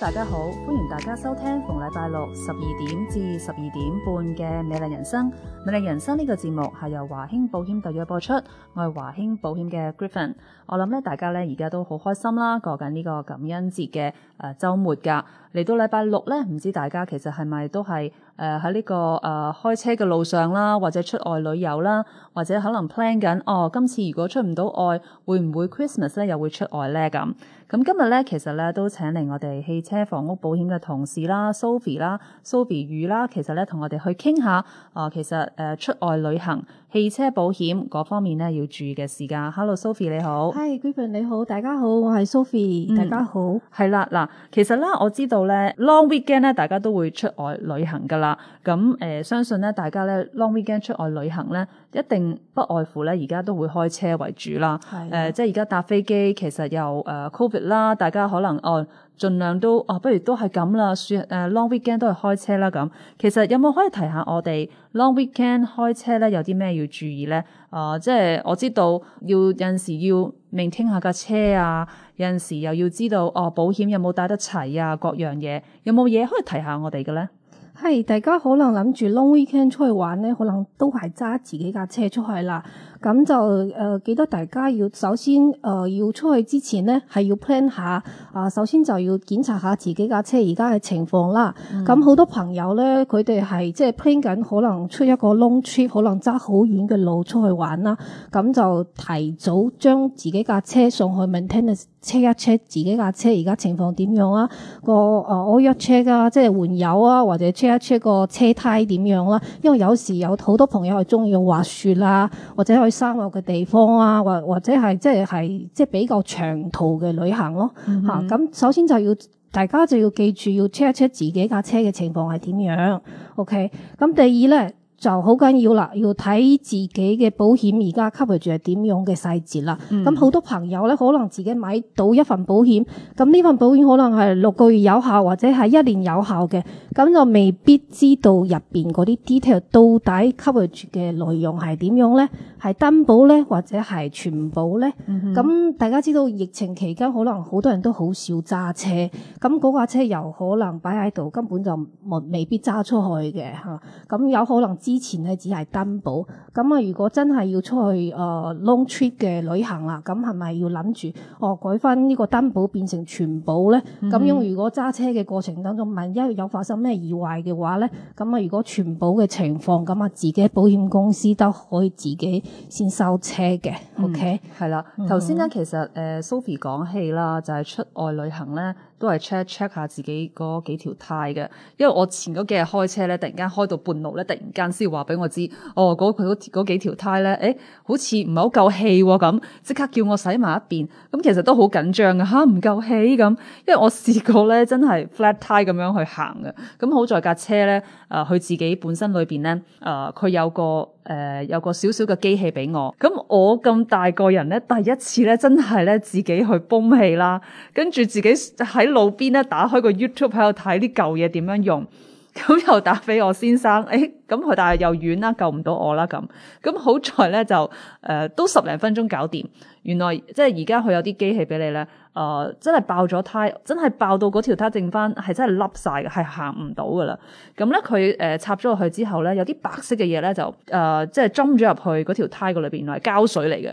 大家好，歡迎大家收聽逢禮拜六十二點至十二點半嘅《美麗人生》。美麗人生呢個節目係由華興保險特約播出，我係華興保險嘅 Griffin。我諗咧，大家咧而家都好開心啦，過緊呢個感恩節嘅誒、呃、周末噶嚟到禮拜六咧，唔知大家其實係咪都係？誒喺呢個誒、呃、開車嘅路上啦，或者出外旅遊啦，或者可能 plan 緊哦，今次如果出唔到外，會唔會 Christmas 咧又會出外咧咁？咁今日咧其實咧都請嚟我哋汽車房屋保險嘅同事啦，Sophie 啦，Sophie 雨啦，其實咧同我哋去傾下啊、呃，其實誒、呃、出外旅行汽車保險嗰方面咧要注意嘅事噶。Hello，Sophie 你好，Hi，Gavin 你好，大家好，我係 Sophie，嗯、大家好。係啦、嗯，嗱，其實咧我知道咧 Long Weekend 咧，大家都會出外旅行噶啦。咁誒、呃，相信咧，大家咧 long weekend 出外旅行咧，一定不外乎咧而家都會開車為主啦。係誒的、呃，即係而家搭飛機其實又誒、呃、covid 啦，大家可能哦盡量都哦，不如都係咁啦，算誒 long weekend 都係開車啦。咁其實有冇可以提下我哋 long weekend 開車咧有啲咩要注意咧？誒、呃，即係我知道要有陣時要 maintain 下架車啊，有陣時又要知道哦保險有冇帶得齊啊，各樣嘢有冇嘢可以提下我哋嘅咧？係、hey，大家可能諗住 Long Weekend 出去玩咧，可能都係揸自己架車出去啦。咁就誒、呃、記得大家要首先誒、呃、要出去之前咧，係要 plan 下。啊、呃，首先就要檢查下自己架車而家嘅情況啦。咁好、嗯、多朋友咧，佢哋係即係 plan 緊可能出一個 long trip，可能揸好遠嘅路出去玩啦。咁就提早將自己架車送去 maintenance check 一 check 自己架車而家情況點樣啊？個誒 oil check 啊，即係換油啊，或者 check 一 check 個車胎點樣啦。因為有時有好多朋友係中意滑雪啦、啊，或者去。生活嘅地方啊，或或者係即係即係比較長途嘅旅行咯，吓咁、mm hmm. 啊、首先就要大家就要記住要 check 一 check 自己架車嘅情況係點樣，OK，咁、嗯嗯、第二咧。就好緊要啦，要睇自己嘅保險而家 cover 住係點樣嘅細節啦。咁好、嗯、多朋友咧，可能自己買到一份保險，咁呢份保險可能係六個月有效或者係一年有效嘅，咁就未必知道入邊啲 detail 到底 cover 住嘅內容係點樣咧？係單保咧，或者係全保咧？咁、嗯、哼大家知道疫情期間可能好多人都好少揸、那個、車，咁嗰架車又可能擺喺度，根本就冇未必揸出去嘅吓，咁、啊、有可能知。之前係只係擔保，咁啊，如果真係要出去誒、呃、long trip 嘅旅行啦，咁係咪要諗住哦改翻呢個擔保變成全保咧？咁、嗯、樣，如果揸車嘅過程當中，萬一有發生咩意外嘅話咧，咁啊，如果全保嘅情況，咁啊，自己保險公司都可以自己先收車嘅。嗯、OK，係啦的，頭先咧其實誒、呃、Sophie 講起啦，就係、是、出外旅行咧，都係 check check 下自己嗰幾條胎嘅，因為我前幾日開車咧，突然間開到半路咧，突然間。先話俾我知，哦，嗰佢嗰幾條胎咧，誒、欸，好似唔係好夠氣咁，即刻叫我洗埋一邊，咁其實都好緊張嘅吓，唔夠氣咁，因為我試過咧，真係 flat tire 咁樣去行嘅，咁、嗯、好在架車咧，誒、呃，佢自己本身裏邊咧，誒、呃，佢有個誒、呃、有個小小嘅機器俾我，咁、嗯、我咁大個人咧，第一次咧，真係咧自己去泵氣啦，跟住自己喺路邊咧打開個 YouTube 喺度睇啲舊嘢點樣用。咁 又打俾我先生，哎，咁佢但係又遠啦，救唔到我啦咁。咁好在咧就，誒、呃，都十零分鐘搞掂。原來即係而家佢有啲機器俾你咧，誒、呃，真係爆咗胎，真係爆到嗰條胎剩翻，係真係凹晒嘅，係行唔到噶啦。咁咧佢誒插咗落去之後咧，有啲白色嘅嘢咧就，誒、呃，即係鑽咗入去嗰條胎個裏邊，原來係膠水嚟嘅。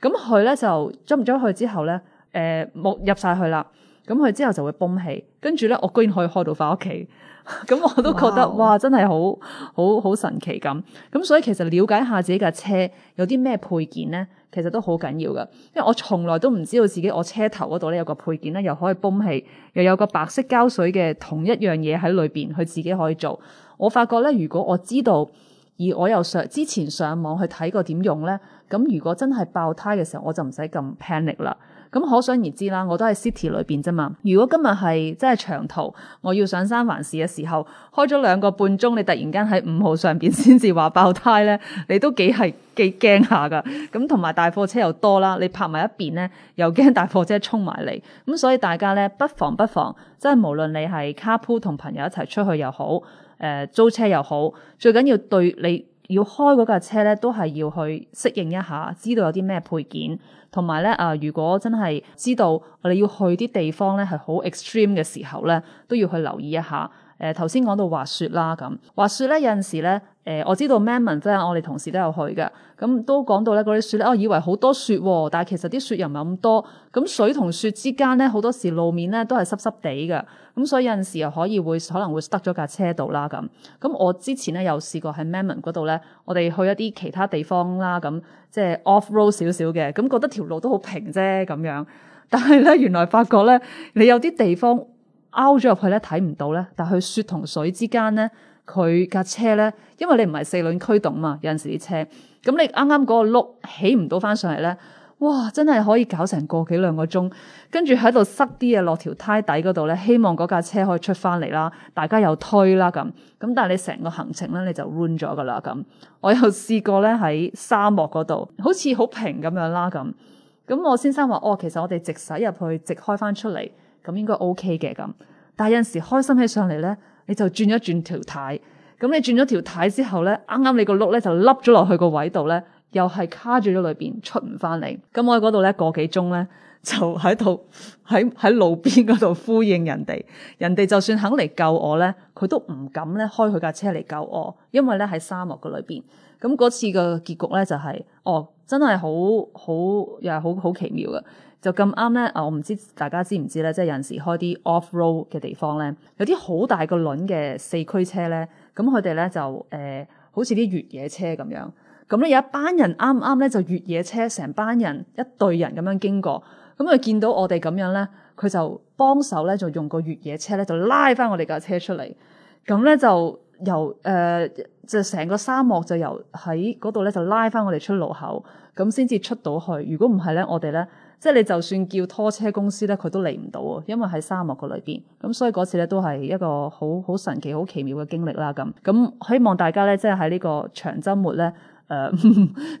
咁佢咧就鑽咗入去之後咧，誒、呃，冇入晒去啦。咁佢之後就會泵氣，跟住咧，我居然可以開到翻屋企，咁 我都覺得 Wow. 哇，真係好好好神奇咁。咁所以其實了解下自己架車有啲咩配件咧，其實都好緊要噶。因為我從來都唔知道自己我車頭嗰度咧有個配件咧，又可以泵氣，又有個白色膠水嘅，同一樣嘢喺裏邊，佢自己可以做。我發覺咧，如果我知道而我又上之前上網去睇過點用咧，咁如果真係爆胎嘅時候，我就唔使咁 panic 啦。咁可想而知啦，我都喺 city 裏邊啫嘛。如果今日係即係長途，我要上三藩市嘅時候，開咗兩個半鐘，你突然間喺五號上邊先至話爆胎咧，你都幾係幾驚下噶。咁同埋大貨車又多啦，你泊埋一邊咧，又驚大貨車衝埋嚟。咁所以大家咧不妨，不妨即係無論你係 carpool 同朋友一齊出去又好，誒租車又好，最緊要對你。要開嗰架車呢，都係要去適應一下，知道有啲咩配件，同埋呢啊，如果真係知道我哋要去啲地方呢，係好 extreme 嘅時候呢，都要去留意一下。誒頭先講到滑雪啦咁，滑雪咧有陣時咧，誒、呃、我知道 Manman 即係我哋同事都有去嘅，咁、嗯、都講到咧嗰啲雪咧，我以為好多雪、哦，但係其實啲雪又唔係咁多。咁、嗯、水同雪之間咧，好多時路面咧都係濕濕地嘅，咁、嗯、所以有陣時又可以會可能會塞咗架車度啦咁。咁、嗯、我之前咧有試過喺 Manman 嗰度咧，我哋去一啲其他地方啦，咁、嗯、即係 off road 少少嘅，咁、嗯、覺得條路都好平啫咁樣，但係咧原來發覺咧，你有啲地方，凹咗入去咧睇唔到咧，但係佢雪同水之間咧，佢架車咧，因為你唔係四輪驅動嘛，有陣時啲車，咁你啱啱嗰個碌起唔到翻上嚟咧，哇！真係可以搞成個幾兩個鐘，跟住喺度塞啲嘢落條胎底嗰度咧，希望嗰架車可以出翻嚟啦，大家又推啦咁，咁但係你成個行程咧你就 run 咗噶啦咁，我又試過咧喺沙漠嗰度，好似好平咁樣啦咁，咁我先生話哦，其實我哋直駛入去，直開翻出嚟。咁應該 OK 嘅咁，但係有時開心起上嚟咧，你就轉一轉條軚，咁你轉咗條軚之後咧，啱啱你個碌咧就凹咗落去個位度咧，又係卡住咗裏邊，出唔翻嚟。咁我喺嗰度咧個幾鐘咧，就喺度喺喺路邊嗰度呼應人哋，人哋就算肯嚟救我咧，佢都唔敢咧開佢架車嚟救我，因為咧喺沙漠個裏邊。咁嗰次嘅結局咧就係、是，哦，真係好好又係好好奇妙嘅。就咁啱咧，啊！我唔知大家知唔知咧，即係有陣時開啲 off road 嘅地方咧，有啲好大個輪嘅四驅車咧，咁佢哋咧就誒、呃，好似啲越野車咁樣。咁咧有一班人啱啱咧就越野車，成班人一隊人咁樣經過，咁佢見到我哋咁樣咧，佢就幫手咧就用個越野車咧就拉翻我哋架車出嚟。咁咧就由誒、呃，就成個沙漠就由喺嗰度咧就拉翻我哋出路口，咁先至出到去。如果唔係咧，我哋咧。即係你就算叫拖車公司咧，佢都嚟唔到啊！因為喺沙漠個裏邊，咁所以嗰次咧都係一個好好神奇、好奇妙嘅經歷啦。咁咁希望大家咧，即係喺呢個長週末咧，誒、呃，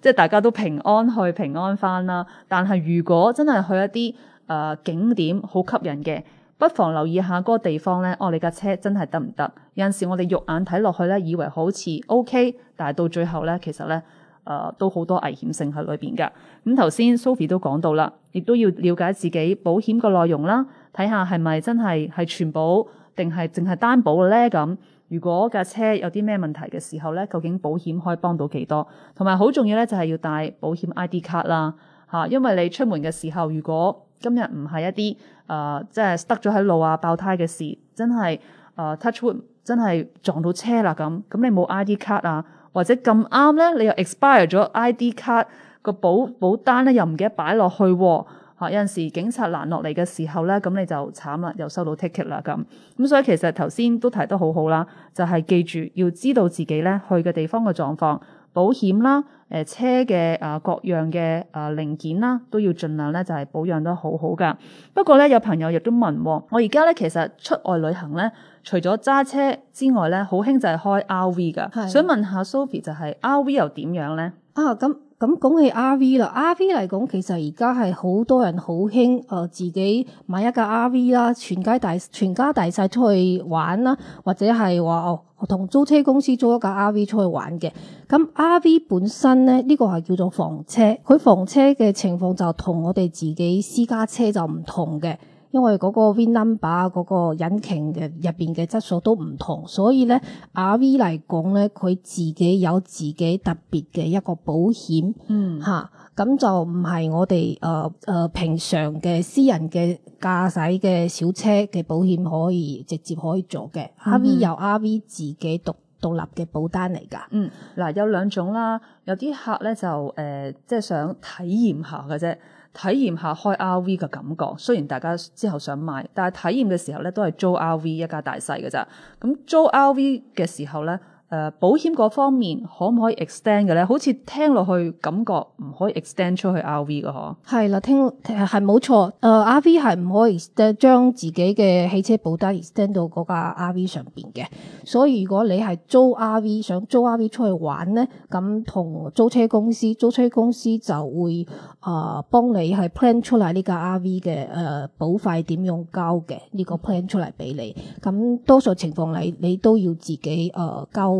即係大家都平安去、平安返啦。但係如果真係去一啲誒、呃、景點好吸引嘅，不妨留意下嗰個地方咧。哦，你架車真係得唔得？有陣時我哋肉眼睇落去咧，以為好似 OK，但係到最後咧，其實咧誒、呃、都好多危險性喺裏邊㗎。咁頭先 Sophie 都講到啦。亦都要了解自己保險嘅內容啦，睇下係咪真係係全保定係淨係單保嘅咧咁。如果架車有啲咩問題嘅時候咧，究竟保險可以幫到幾多？同埋好重要咧，就係要帶保險 ID 卡啦嚇、啊，因為你出門嘅時候，如果今日唔係一啲誒、呃、即係塞咗喺路啊、爆胎嘅事，真係誒、呃、touch wood 真係撞到車啦咁，咁你冇 ID 卡啊，或者咁啱咧，你又 expire 咗 ID 卡。個保保單咧又唔記得擺落去喎、哦啊，有陣時警察攔落嚟嘅時候咧，咁你就慘啦，又收到 ticket 啦咁。咁、啊、所以其實頭先都提得好好啦，就係、是、記住要知道自己咧去嘅地方嘅狀況、保險啦、誒、呃、車嘅啊各樣嘅啊零件啦，都要儘量咧就係、是、保養得好好噶。不過咧有朋友亦都問、哦、我呢，而家咧其實出外旅行咧，除咗揸車之外咧，好興就係開 RV 噶，是的 想問下 Sophie 就係 RV 又點樣咧、啊？啊咁。咁講起 RV 啦，RV 嚟講其實而家係好多人好興，誒、呃、自己買一架 RV 啦，全家大全家大細出去玩啦，或者係話哦同租車公司租一架 RV 出去玩嘅。咁 RV 本身咧，呢、這個係叫做房車，佢房車嘅情況就同我哋自己私家車就唔同嘅。因為嗰個 w i n d a m b e r 嗰個引擎嘅入邊嘅質素都唔同，所以咧 R V 嚟講咧，佢自己有自己特別嘅一個保險，嗯嚇，咁、啊、就唔係我哋誒誒平常嘅私人嘅駕駛嘅小車嘅保險可以直接可以做嘅，R V 由 R V 自己獨獨立嘅保單嚟噶、嗯，嗯嗱有兩種啦，有啲客咧就誒、呃、即係想體驗下嘅啫。體驗下開 RV 嘅感覺，雖然大家之後想買，但係體驗嘅時候咧，都係租 RV 一家大細嘅咋。咁租 RV 嘅時候咧。誒、呃、保險嗰方面可唔可以 extend 嘅咧？好似聽落去感覺唔可以 extend 出去 RV 嘅嗬，係啦，聽係冇錯。誒、呃、RV 係唔可以 extend 將自己嘅汽車保單 extend 到嗰架 RV 上邊嘅。所以如果你係租 RV 想租 RV 出去玩咧，咁同租車公司，租車公司就會誒幫、呃、你係 plan 出嚟呢架 RV 嘅誒保費點樣交嘅呢、呢個 plan 出嚟俾你。咁多數情況你，你都要自己誒、呃、交。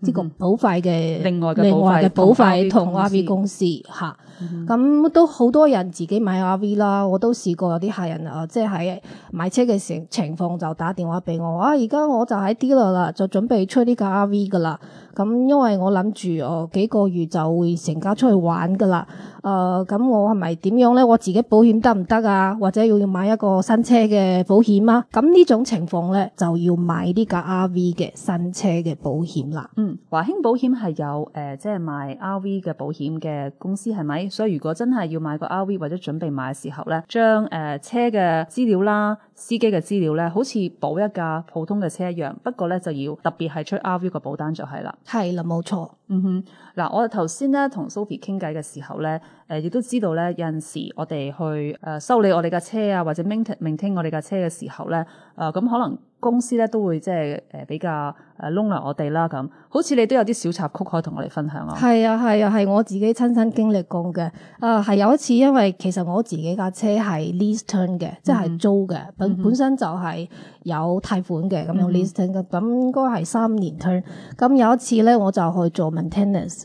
呢個保費嘅另外嘅保費同 R V 公司吓，咁都好多人自己買 R V 啦。我都試過有啲客人誒、呃，即係喺買車嘅情情況就打電話俾我啊！而家我就喺 dealer 啦，就準備出呢架 R V 噶啦。咁、嗯、因為我諗住哦，幾個月就會成家出去玩噶啦。誒、呃，咁我係咪點樣咧？我自己保險得唔得啊？或者要要買一個新車嘅保險嗎、啊？咁呢種情況咧，就要買呢架 R V 嘅新車嘅保險啦。嗯華、嗯、興保險係有誒，即、呃、係、就是、賣 RV 嘅保險嘅公司係咪？所以如果真係要買個 RV 或者準備買嘅時候呢，將誒、呃、車嘅資料啦、司機嘅資料呢，好似保一架普通嘅車一樣，不過呢，就要特別係出 RV 嘅保單就係啦。係啦，冇錯。嗯哼，嗱，我頭先呢同 Sophie 傾偈嘅時候呢，誒、呃、亦都知道呢，有陣時我哋去誒修、呃、理我哋架車啊，或者 maintain、maintain 我哋架車嘅時候呢，誒、呃、咁、嗯、可能。公司咧都會即係誒比較誒窿嚟我哋啦咁，好似你都有啲小插曲可以同我哋分享啊？係啊係啊係我自己親身經歷過嘅，啊、呃、係有一次因為其實我自己架車係 lease turn 嘅，即係租嘅，本、嗯、本身就係有貸款嘅咁樣 lease turn 嘅，咁、嗯、應該係三年 turn、嗯。咁有一次咧我就去做 maintenance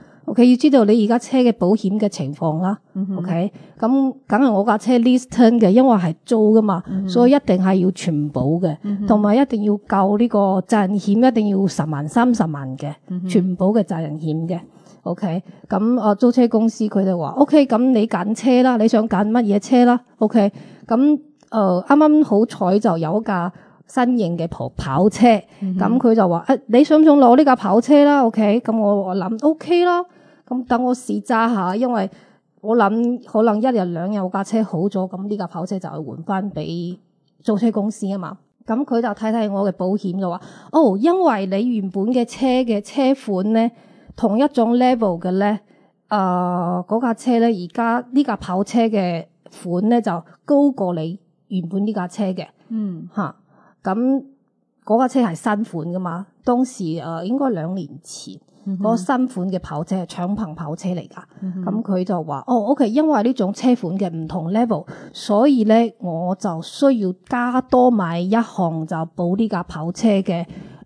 OK，要知道你而家車嘅保險嘅情況啦。嗯、哼 OK，咁梗係我架車 lease turn 嘅，因為係租噶嘛，嗯、哼所以一定係要全保嘅，同埋、嗯、哼一定要夠呢個責任險，一定要十萬三十萬嘅全保嘅責任險嘅。OK，咁、嗯、我、嗯哼嗯、租車公司佢哋話：OK，咁、嗯、你揀車啦，你想揀乜嘢車啦？OK，咁誒啱啱好彩就有一架。新型嘅跑跑車，咁佢、嗯、哼就話：誒、啊，你想唔想攞呢架跑車啦？OK，咁我我諗 OK 啦，咁等我試揸下，因為我諗可能一日兩日我架車好咗，咁呢架跑車就會換翻俾租車公司啊嘛。咁佢就睇睇我嘅保險，嘅話：哦，因為你原本嘅車嘅車款呢，同一種 level 嘅呢，啊、呃、嗰架車呢，而家呢架跑車嘅款呢，就高過你原本呢架車嘅，嗯嚇。啊。咁嗰架車係新款噶嘛？當時誒、呃、應該兩年前，嗰、mm hmm. 新款嘅跑車，係敞篷跑車嚟噶。咁佢、mm hmm. 嗯、就話：哦，OK，因為呢種車款嘅唔同 level，所以咧我就需要加多買一項就補呢架跑車嘅誒、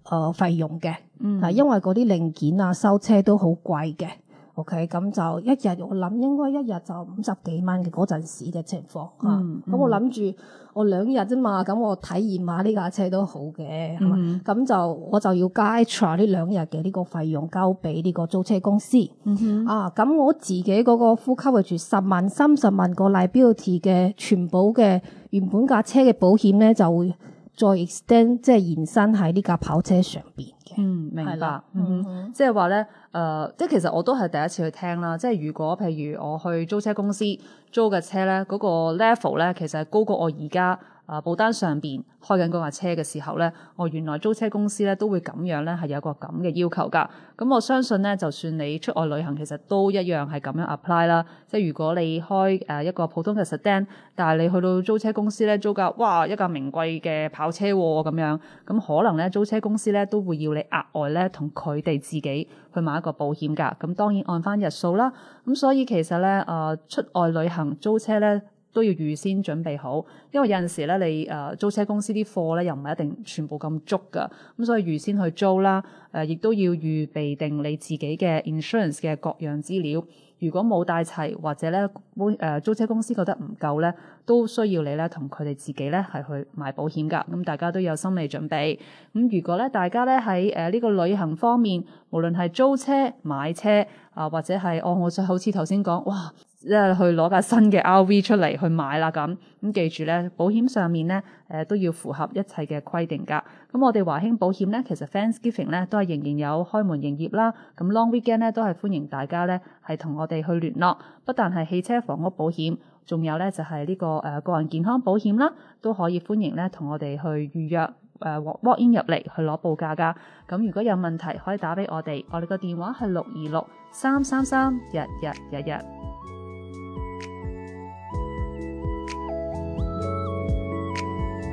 呃、費用嘅。嗱、mm，hmm. 因為嗰啲零件啊、收車都好貴嘅。OK，咁就一日我諗應該一日就五十幾蚊嘅，嗰陣時嘅情況吓，咁我諗住我兩日啫嘛，咁我體驗下呢架車都好嘅，係嘛，咁、嗯、就我就要加 extra 呢兩日嘅呢個費用交俾呢個租車公司。嗯、哼啊，咁我自己嗰個 full coverage 十萬三十萬個 Liability 嘅全保嘅原本架車嘅保險咧就會再 extend 即係延伸喺呢架跑車上邊嘅，嗯，明白，嗯、呃，即係話呢，誒，即係其實我都係第一次去聽啦。即係如果譬如我去租車公司租嘅車呢，嗰個 level 呢，其實係高過我而家。啊！保單上邊開緊嗰架車嘅時候呢，哦、啊，原來租車公司呢都會咁樣呢，係有一個咁嘅要求噶。咁、啊、我相信呢，就算你出外旅行，其實都一樣係咁樣 apply 啦。即係如果你開誒一個普通嘅 sedan 但係你去到租車公司呢，租架，哇！一架名貴嘅跑車喎、啊，咁樣咁、啊、可能呢，租車公司呢都會要你額外呢同佢哋自己去買一個保險噶。咁、啊、當然按翻日數啦。咁、啊、所以其實呢，誒、啊、出外旅行租車呢。都要預先準備好，因為有陣時咧，你誒、呃、租車公司啲貨咧又唔係一定全部咁足嘅，咁、嗯、所以預先去租啦。誒、呃，亦都要預備定你自己嘅 insurance 嘅各樣資料。如果冇帶齊或者咧，誒、呃、租車公司覺得唔夠咧。都需要你咧，同佢哋自己咧係去買保險噶。咁、嗯、大家都有心理準備。咁、嗯、如果咧，大家咧喺誒呢、呃這個旅行方面，無論係租車、買車啊、呃，或者係哦，我再好似頭先講，哇，即、呃、係去攞架新嘅 RV 出嚟去買啦咁。咁、嗯、記住咧，保險上面咧誒、呃、都要符合一切嘅規定噶。咁、嗯、我哋華興保險咧，其實 fans giving 咧都係仍然有開門營業啦。咁、嗯、long weekend 咧都係歡迎大家咧係同我哋去聯絡，不但係汽車、房屋保險。仲有咧就係呢個誒個人健康保險啦，都可以歡迎咧同我哋去預約誒 walk in 入嚟去攞報價噶。咁如果有問題，可以打俾我哋，我哋個電話係六二六三三三日日日日。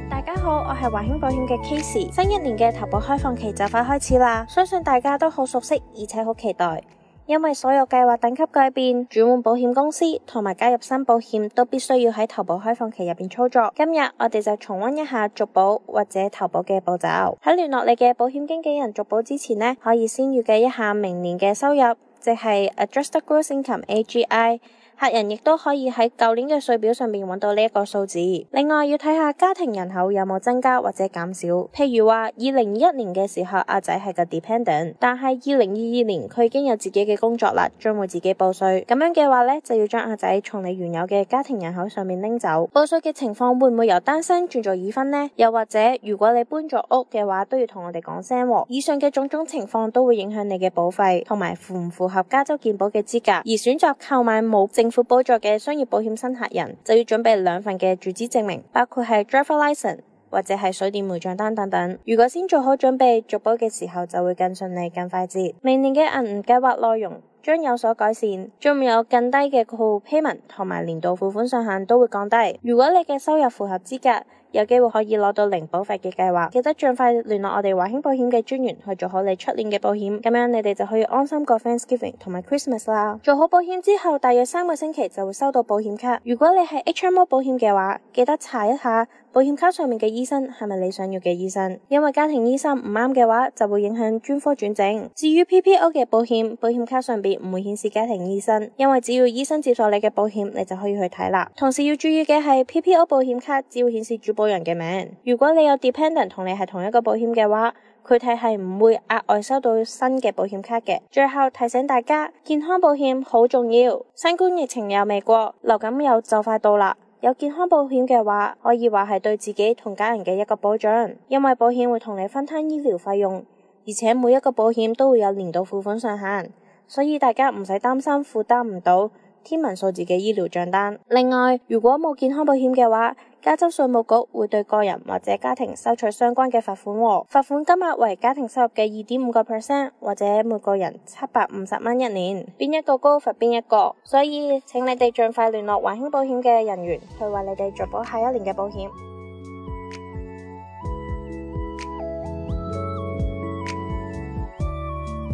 大家好，我係華興保險嘅 Casey。新一年嘅投保開放期就快開始啦，相信大家都好熟悉而且好期待。因為所有計劃等級改變、轉換保險公司同埋加入新保險，都必須要喺投保開放期入邊操作。今日我哋就重溫一下續保或者投保嘅步驟。喺聯絡你嘅保險經紀人續保之前呢，可以先預計一下明年嘅收入，即係 Adjusted Gross Income（AGI）。客人亦都可以喺舊年嘅稅表上面揾到呢一個數字。另外要睇下家庭人口有冇增加或者減少。譬如話二零二一年嘅時候，阿仔係個 dependent，但係二零二二年佢已經有自己嘅工作啦，將會自己報稅。咁樣嘅話呢，就要將阿仔從你原有嘅家庭人口上面拎走。報稅嘅情況會唔會由單身轉做已婚呢？又或者如果你搬咗屋嘅話，都要同我哋講聲哦。以上嘅種種情況都會影響你嘅保費同埋符唔符合加州健保嘅資格。而選擇購買冇值。政府補助嘅商業保險，新客人就要準備兩份嘅住址證明，包括係 driver l i c e n s e 或者係水電煤賬單等等。如果先做好準備，續保嘅時候就會更順利、更快捷。明年嘅銀行計劃內容將有所改善，仲有更低嘅酷 payment 同埋年度付款上限都會降低。如果你嘅收入符合資格，有機會可以攞到零保費嘅計劃，記得盡快聯絡我哋華興保險嘅專員去做好你出年嘅保險，咁樣你哋就可以安心過 Thanksgiving 同埋 Christmas 啦。做好保險之後，大約三個星期就會收到保險卡。如果你係 HMO 保險嘅話，記得查一下。保險卡上面嘅醫生係咪你想要嘅醫生？因為家庭醫生唔啱嘅話，就會影響專科轉診。至於 PPO 嘅保險，保險卡上邊唔會顯示家庭醫生，因為只要醫生接受你嘅保險，你就可以去睇啦。同時要注意嘅係 PPO 保險卡只會顯示主保人嘅名。如果你有 dependant 同你係同一個保險嘅話，佢哋係唔會額外收到新嘅保險卡嘅。最後提醒大家，健康保險好重要，新冠疫情又未過，流感又就快到啦。有健康保險嘅話，可以話係對自己同家人嘅一個保障，因為保險會同你分攤醫療費用，而且每一個保險都會有年度付款上限，所以大家唔使擔心負擔唔到天文數字嘅醫療賬單。另外，如果冇健康保險嘅話，加州稅務局會對個人或者家庭收取相關嘅罰款，罰款金額為家庭收入嘅二點五個 percent，或者每個人七百五十蚊一年。邊一個高罰邊一個，所以請你哋盡快聯絡華興保險嘅人員去為你哋續保下一年嘅保險。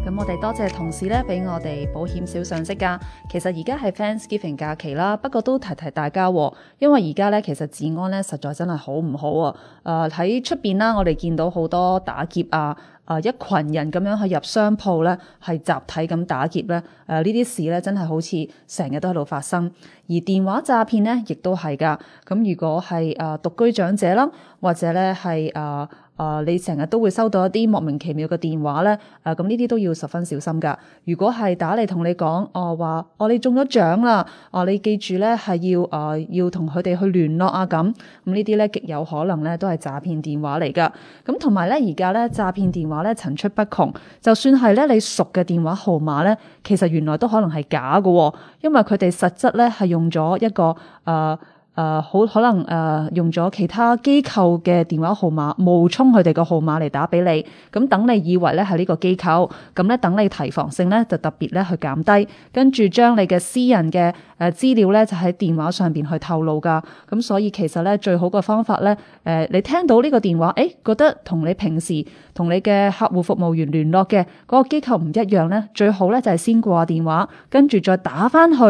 咁我哋多謝同事咧，俾我哋保險小常識噶。其實而家係 Fansgiving 假期啦，不過都提提大家，哦，因為而家咧其實治安咧實在真係好唔好啊！誒喺出邊啦，我哋見到好多打劫啊，誒、呃、一群人咁樣去入商鋪咧，係集體咁打劫咧。誒、呃、呢啲事咧真係好似成日都喺度發生，而電話詐騙咧亦都係噶。咁、呃、如果係誒、呃、獨居長者啦，或者咧係誒。呃啊、呃！你成日都會收到一啲莫名其妙嘅電話咧，啊咁呢啲都要十分小心噶。如果係打嚟同你講、呃，哦話，我哋中咗獎啦，啊、呃、你記住咧，係要啊、呃、要同佢哋去聯絡啊咁。咁呢啲咧極有可能咧都係詐騙電話嚟噶。咁同埋咧而家咧詐騙電話咧層出不窮，就算係咧你熟嘅電話號碼咧，其實原來都可能係假噶、哦，因為佢哋實質咧係用咗一個啊。呃誒好、uh, 可能誒、uh, 用咗其他機構嘅電話號碼冒充佢哋個號碼嚟打俾你，咁等你以為咧係呢個機構，咁咧等你提防性咧就特別咧去減低，跟住將你嘅私人嘅，誒資料咧就喺電話上邊去透露㗎，咁所以其實咧最好嘅方法咧，誒你聽到呢個電話，誒覺得同你平時同你嘅客戶服務員聯絡嘅嗰個機構唔一樣咧，最好咧就係先掛電話，跟住再打翻去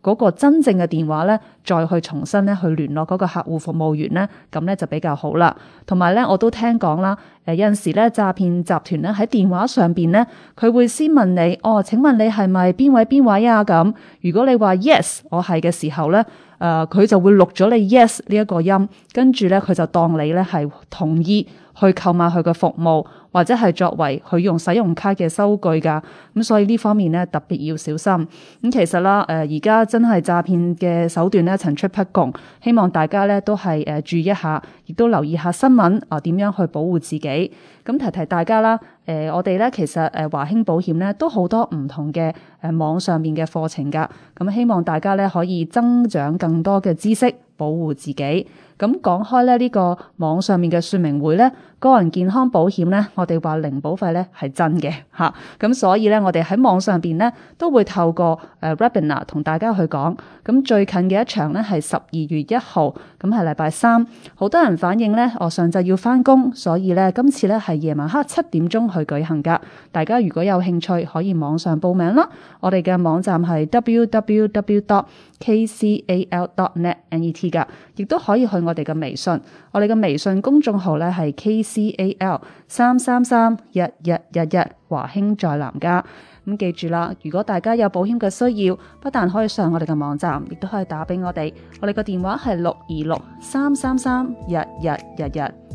嗰個真正嘅電話咧，再去重新咧去聯絡嗰個客戶服務員咧，咁咧就比較好啦。同埋咧我都聽講啦，誒有陣時咧詐騙集團咧喺電話上邊咧，佢會先問你，哦請問你係咪邊位邊位啊？咁如果你話 yes。我係嘅時候咧，誒、呃，佢就會錄咗你 yes 呢一個音，跟住咧佢就當你咧係同意。去購買佢嘅服務，或者係作為佢用信用卡嘅收據噶，咁所以呢方面咧特別要小心。咁、嗯、其實啦，誒而家真係詐騙嘅手段咧層出不窮，希望大家咧都係誒、呃、注意一下，亦都留意下新聞啊點、呃、樣去保護自己。咁、嗯、提提大家啦，誒、呃、我哋咧其實誒、呃、華興保險咧都好多唔同嘅誒、呃、網上面嘅課程噶，咁、嗯、希望大家咧可以增長更多嘅知識。保護自己。咁講開咧，呢個網上面嘅說明會咧。個人健康保險咧，我哋話零保費咧係真嘅嚇，咁、啊、所以咧我哋喺網上邊咧都會透過誒 Webinar 同大家去講。咁、嗯、最近嘅一場咧係十二月一號，咁係禮拜三。好多人反映咧，我上晝要翻工，所以咧今次咧係夜晚黑七點鐘去舉行噶。大家如果有興趣，可以網上報名啦。我哋嘅網站係 www.kcal.net.net 噶，亦都可以去我哋嘅微信。我哋嘅微信公眾號咧係 KC C A L 三三三一一一一華興在南家。咁記住啦，如果大家有保險嘅需要，不但可以上我哋嘅網站，亦都可以打俾我哋。我哋嘅電話係六二六三三三一一一一。